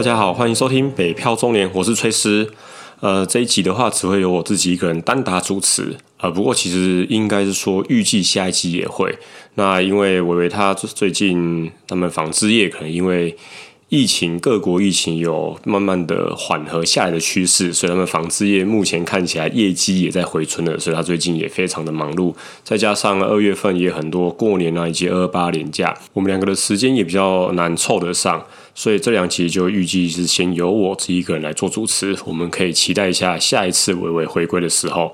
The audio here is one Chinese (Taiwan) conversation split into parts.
大家好，歡迎收聽《北漂中年》，我是崔斯。呃，這一集的話，只會由我自己一個人單打主持。呃，不過其實應該是說，預計下一集也會。那因為維維他最近他們紡織業可能因為疫情，各國疫情有慢慢的緩和下來的趨勢，所以他們紡織業目前看起來業績也在回春了。所以他最近也非常的忙碌。再加上二月份也很多過年啊，以及二八年假，我們兩個的時間也比較難湊得上。所以這兩集就預計是先由我自己一個人來做主持，我們可以期待一下下一次偉偉回歸的時候。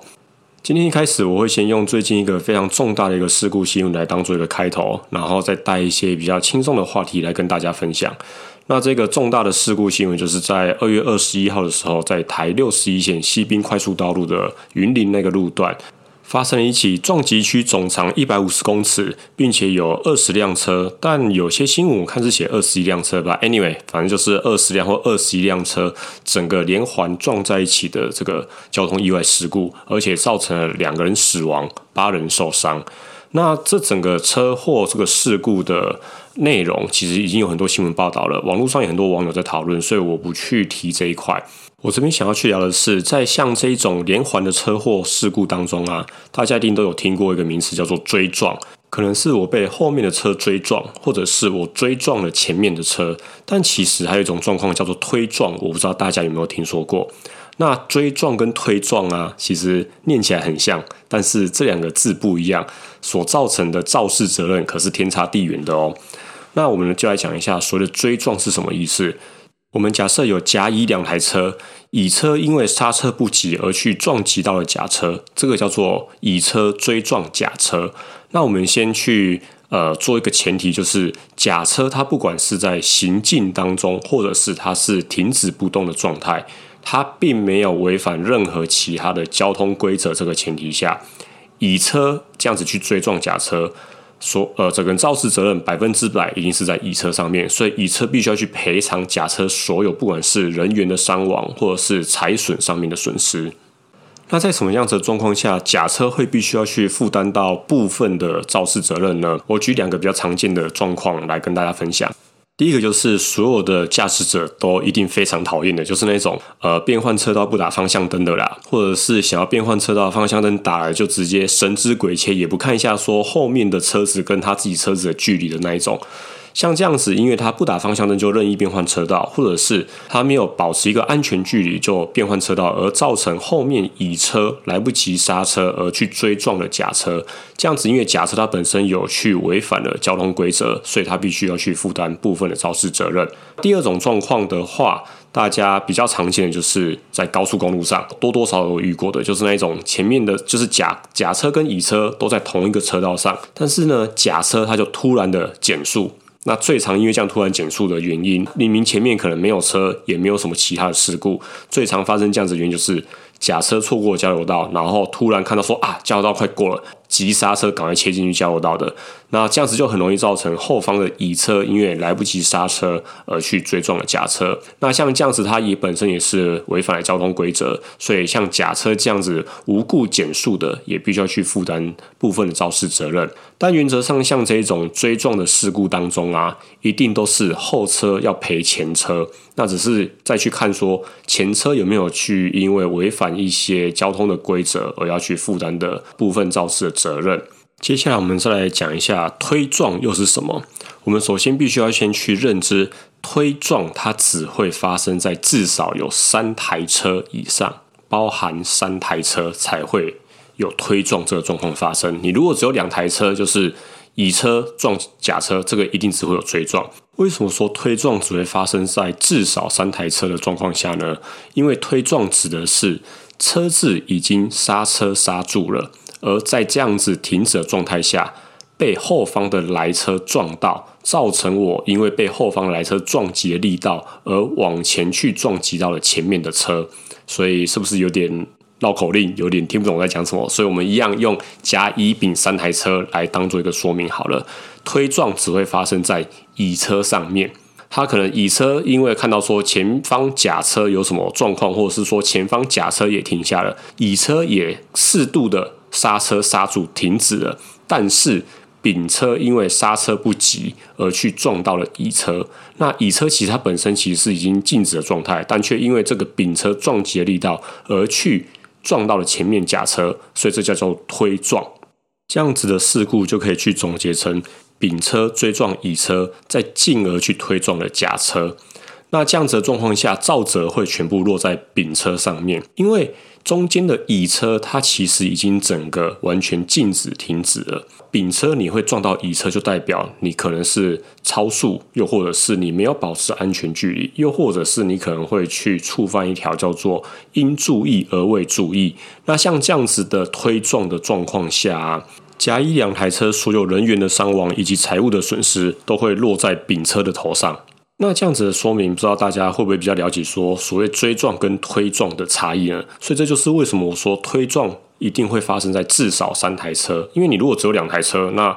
今天一開始我會先用最近一個非常重大的一個事故新聞來當做一個開頭，然後再帶一些比較輕鬆的話題來跟大家分享。那這個重大的事故新聞就是在二月二十一號的時候，在台六十一線西濱快速道路的雲林那個路段，發生了一起撞擊區總長一百五十公尺，並且有二十輛車，但有些新聞我看是寫二十一輛車吧。Anyway，反正就是二十輛或二十一輛車整個連環撞在一起的這個交通意外事故，而且造成了兩個人死亡、八人受傷。那這整個車禍這個事故的內容，其實已經有很多新聞報道了，網絡上有很多網友在討論，所以我不去提這一塊。我這邊想要去聊的是，在像這種連環的車禍事故當中啊，大家一定都有聽過一個名詞叫做追撞，可能是我被後面的車追撞，或者是我追撞了前面的車。但其實還有一種狀況叫做推撞，我不知道大家有沒有聽說過。那追撞跟推撞啊，其實念起來很像，但是這兩個字不一樣，所造成的肇事責任可是天差地遠的哦。那我們就來講一下所謂的追撞是什麼意思。我們假設有甲、乙兩台車，乙車因為剎車不及而去撞擊到了甲車，這個叫做乙車追撞甲車。那我們先去呃做一個前提，就是甲車它不管是在行進當中，或者是它是停止不動的狀態，它並沒有違反任何其他的交通規則。這個前提下，乙車這樣子去追撞甲車。所呃，整個肇事責任百分之百已經是在乙車上面，所以乙車必須要去賠償甲車所有，不管是人員的傷亡或者是財損上面的損失。那在什麼樣子的狀況下，甲車會必須要去負擔到部分的肇事責任呢？我舉兩個比較常見的狀況來跟大家分享。第一個就是所有的駕駛者都一定非常討厭的，就是那種呃變換車道不打方向燈的啦，或者是想要變換車道的方向燈打了就直接神之鬼切，也不看一下說後面的車子跟他自己車子的距離的那一種。像這樣子，因為他不打方向燈就任意變換車道，或者是他沒有保持一個安全距離就變換車道，而造成後面乙車來不及剎車而去追撞了甲車。這樣子，因為甲車它本身有去違反了交通規則，所以他必須要去負擔部分的肇事責任。第二種狀況的話，大家比較常見的就是在高速公路上多多少少有遇過的，就是那種前面的就是甲甲車跟乙車都在同一個車道上，但是呢，甲車它就突然的減速。那最常因為這樣突然減速的原因，明明前面可能沒有車，也沒有什麼其他的事故，最常發生這樣子的原因就是，假車錯過交流道，然後突然看到說啊，交流道快過了。急剎車，趕快切進去交流道的。那這樣子就很容易造成後方的乙車因為來不及剎車而去追撞了甲車。那像這樣子，他乙本身也是違反了交通規則，所以像甲車這樣子無故減速的，也必須要去負擔部分的肇事責任。但原則上，像這種追撞的事故當中啊，一定都是後車要賠前車，那只是再去看說前車有沒有去因為違反一些交通的規則而要去負擔的部分肇事責任。接下來，我們再來講一下推撞又是什麼？我們首先必須要先去認知推撞，它只會發生在至少有三台車以上，包含三台車才會有推撞這個狀況發生。你如果只有兩台車，就是乙車撞甲車，這個一定只會有追撞。為什麼說推撞只會發生在至少三台車的狀況下呢？因為推撞指的是車子已經剎車剎住了。而在這樣子停止的狀態下，被後方的來車撞到，造成我因為被後方來車撞擊的力道，而往前去撞擊到了前面的車，所以是不是有點繞口令，有點聽不懂我在講什麼？所以我們一樣用甲、乙、丙三台車來當做一個說明好了。推撞只會發生在乙車上面，他可能乙車因為看到說前方甲車有什麼狀況，或者是說前方甲車也停下了，乙車也適度的。剎車剎住停止了，但是丙車因為剎車不及而去撞到了乙車。那乙車其實它本身其實是已經靜止的狀態，但卻因為這個丙車撞擊的力道而去撞到了前面甲車，所以這叫做推撞。這樣子的事故就可以去總結成：丙車追撞乙車，再進而去推撞了甲車。那這樣子的狀況下，肇責會全部落在丙車上面，因為中間的乙車它其實已經整個完全靜止停止了。丙車你會撞到乙車，就代表你可能是超速，又或者是你沒有保持安全距離，又或者是你可能會去觸犯一條叫做“應注意而未注意”。那像這樣子的推撞的狀況下，甲、乙兩台車所有人員的傷亡以及財物的損失，都會落在丙車的頭上。那這樣子的說明，不知道大家會不會比較了解說所謂追撞跟推撞的差異呢？所以這就是為什麼我說推撞一定會發生在至少三台車，因為你如果只有兩台車，那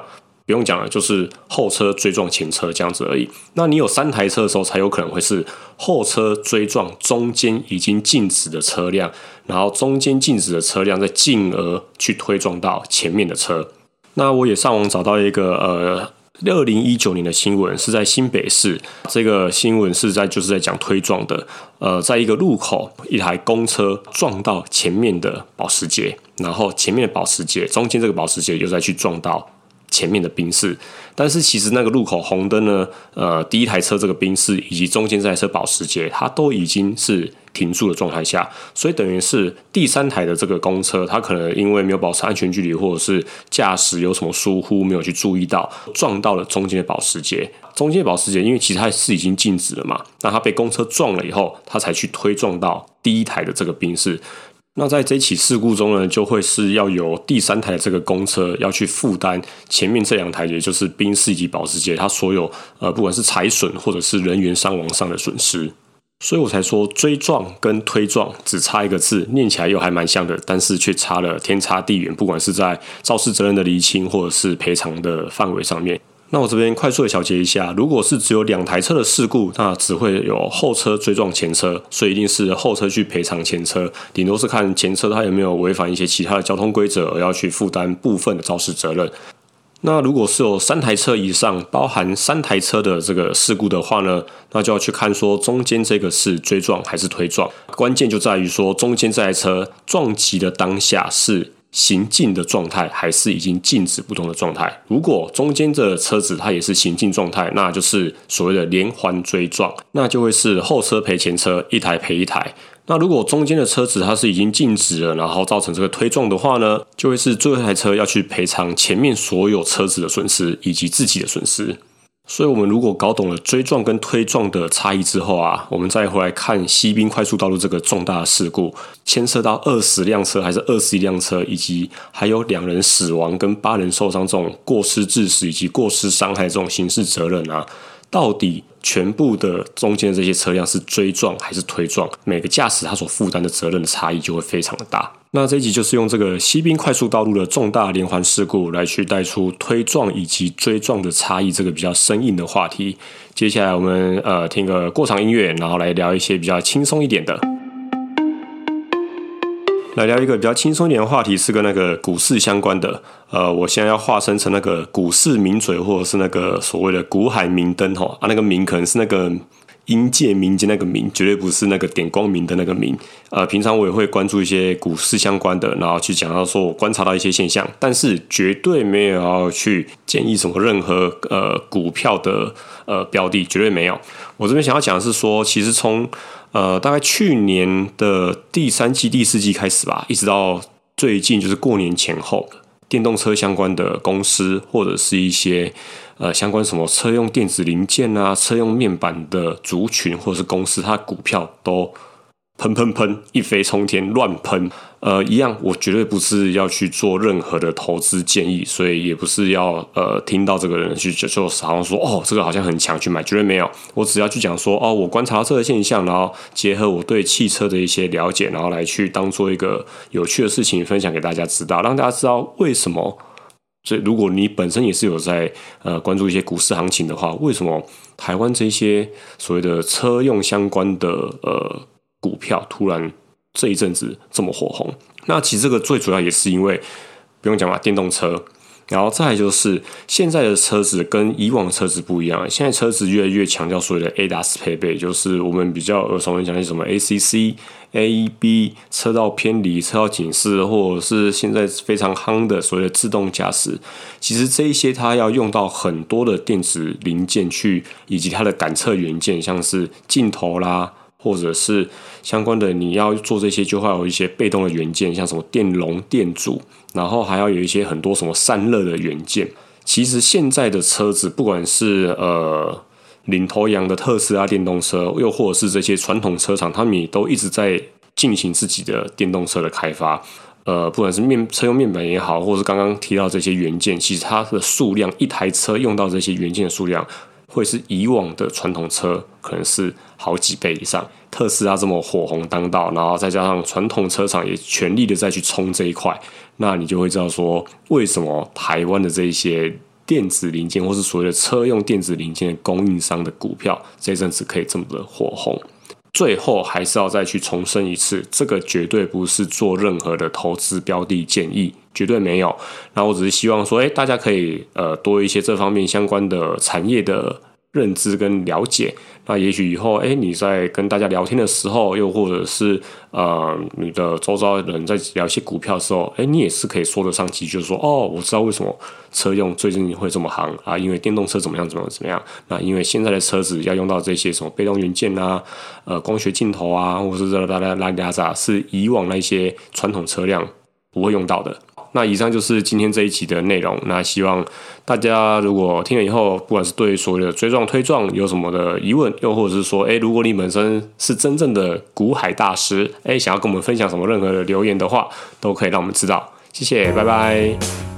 不用講了，就是後車追撞前車這樣子而已。那你有三台車的時候，才有可能會是後車追撞中間已經靜止的車輛，然後中間靜止的車輛再進而去推撞到前面的車。那我也上網找到一個呃。二零一九年的新聞是在新北市，這個新聞是在就是在講推撞的，呃，在一個路口，一台公車撞到前面的保時捷，然後前面的保時捷，中間這個保時捷又再去撞到前面的賓士，但是其實那個路口紅燈呢，呃，第一台車這個賓士以及中間這台車保時捷，它都已經是。停住的狀態下，所以等於是第三台的這個公車，它可能因為沒有保持安全距離，或者是駕駛有什麼疏忽，沒有去注意到，撞到了中間的保時捷。中間的保時捷因為其實它是已經靜止了嘛，那它被公車撞了以後，它才去推撞到第一台的這個賓士。那在這起事故中呢，就會是要由第三台的這個公車要去負擔前面這兩台，也就是賓士以及保時捷它所有，呃，不管是財損或者是人員傷亡上的損失。所以我才說，追撞跟推撞只差一個字，念起來又還蠻像的，但是卻差了天差地遠。不管是在肇事責任的釐清，或者是賠償的範圍上面，那我這邊快速的小結一下：如果是只有兩台車的事故，那只會有後車追撞前車，所以一定是後車去賠償前車，頂多是看前車它有沒有違反一些其他的交通規則，而要去負擔部分的肇事責任。那如果是有三台車以上，包含三台車的這個事故的話呢，那就要去看說中間這個是追撞還是推撞。關鍵就在於說中間這台車撞擊的當下是行進的狀態，還是已經靜止不動的狀態。如果中間的車子它也是行進狀態，那就是所謂的連環追撞，那就會是後車賠前車，一台賠一台。那如果中間的車子它是已經靜止了，然後造成這個推撞的話呢，就會是最後一台車要去賠償前面所有車子的損失以及自己的損失。所以，我們如果搞懂了追撞跟推撞的差異之後啊，我們再回來看西濱快速道路這個重大的事故，牽涉到二十輛車還是二十一輛車，以及還有兩人死亡跟八人受傷這種過失致死以及過失傷害這種刑事責任啊。到底全部的中間的這些車輛是追撞還是推撞？每個駕駛他所負擔的責任的差異就會非常的大。那這一集就是用這個西濱快速道路的重大連環事故來去帶出推撞以及追撞的差異這個比較生硬的話題。接下來我們呃聽個過場音樂，然後來聊一些比較輕鬆一點的。來聊一個比較輕鬆一點的話題，是跟那個股市相關的。呃，我現在要化身成那個股市名嘴，或者是那個所謂的股海明燈哈啊，那個明可能是那個陰界民間那個名，絕對不是那個點光明的那個名。呃，平常我也會關注一些股市相關的，然後去講到說我觀察到一些現象，但是絕對沒有要去建議什麼任何呃股票的呃標的，絕對沒有。我這邊想要講的是說，其實從呃，大概去年的第三季、第四季開始吧，一直到最近就是過年前後，電動車相關的公司或者是一些呃相關什麼車用電子零件啊、車用面板的族群或者是公司，它股票都。噴噴噴！一飛衝天，亂噴。呃，一樣，我絕對不是要去做任何的投資建議，所以也不是要呃聽到這個人去就就好像說哦，這個好像很強，去買絕對沒有。我只要去講說哦，我觀察到這個現象，然後結合我對汽車的一些了解，然後來去當做一個有趣的事情分享給大家知道，讓大家知道為什麼。所以，如果你本身也是有在呃關注一些股市行情的話，為什麼台灣這些所謂的車用相關的呃，股票突然這一陣子這麼火紅，那其實這個最主要也是因為不用講吧，電動車，然後再來就是現在的車子跟以往的車子不一樣，現在車子越來越強調所謂的 ADAS 配備，就是我們比較耳熟能詳的什麼 ACC、AEB 車道偏離、車道警示，或者是現在非常夯的所謂的自動駕駛，其實這一些它要用到很多的電子零件去，去以及它的感測元件，像是鏡頭啦。或者是相關的，你要做這些就會有一些被動的元件，像什麼電容、電阻，然後還要有一些很多什麼散熱的元件。其實現在的車子，不管是呃領頭羊的特斯拉電動車，又或者是這些傳統車廠，他們也都一直在進行自己的電動車的開發。呃，不管是面車用面板也好，或者是剛剛提到這些元件，其實它的數量，一台車用到這些元件的數量。會是以往的傳統車，可能是好幾倍以上。特斯拉這麼火紅當道，然後再加上傳統車廠也全力的再去衝這一塊，那你就會知道說，為什麼台灣的這一些電子零件，或是所謂的車用電子零件的供應商的股票，這一陣子可以這麼的火紅。最後還是要再去重申一次，這個絕對不是做任何的投資標的建議。絕對沒有，然後我只是希望說，哎，大家可以呃多一些這方面相關的產業的認知跟了解。那也許以後，哎，你在跟大家聊天的時候，又或者是呃你的周遭人在聊一些股票的時候，哎，你也是可以說得上幾句，說哦，我知道為什麼車用最近會這麼夯啊，因為電動車怎麼樣，怎麼怎麼樣。那因為現在的車子要用到這些什麼被動元件吶，呃，光學鏡頭啊，或者是這拉拉拉啦啦啦是以往那些傳統車輛不會用到的。那以上就是今天這一期的內容。那希望大家如果聽了以後，不管是對所謂的追撞、推撞有什麼的疑問，又或者是說，誒、欸，如果你本身是真正的股海大師，誒、欸，想要跟我們分享什麼任何的留言的話，都可以讓我們知道。謝謝，拜拜。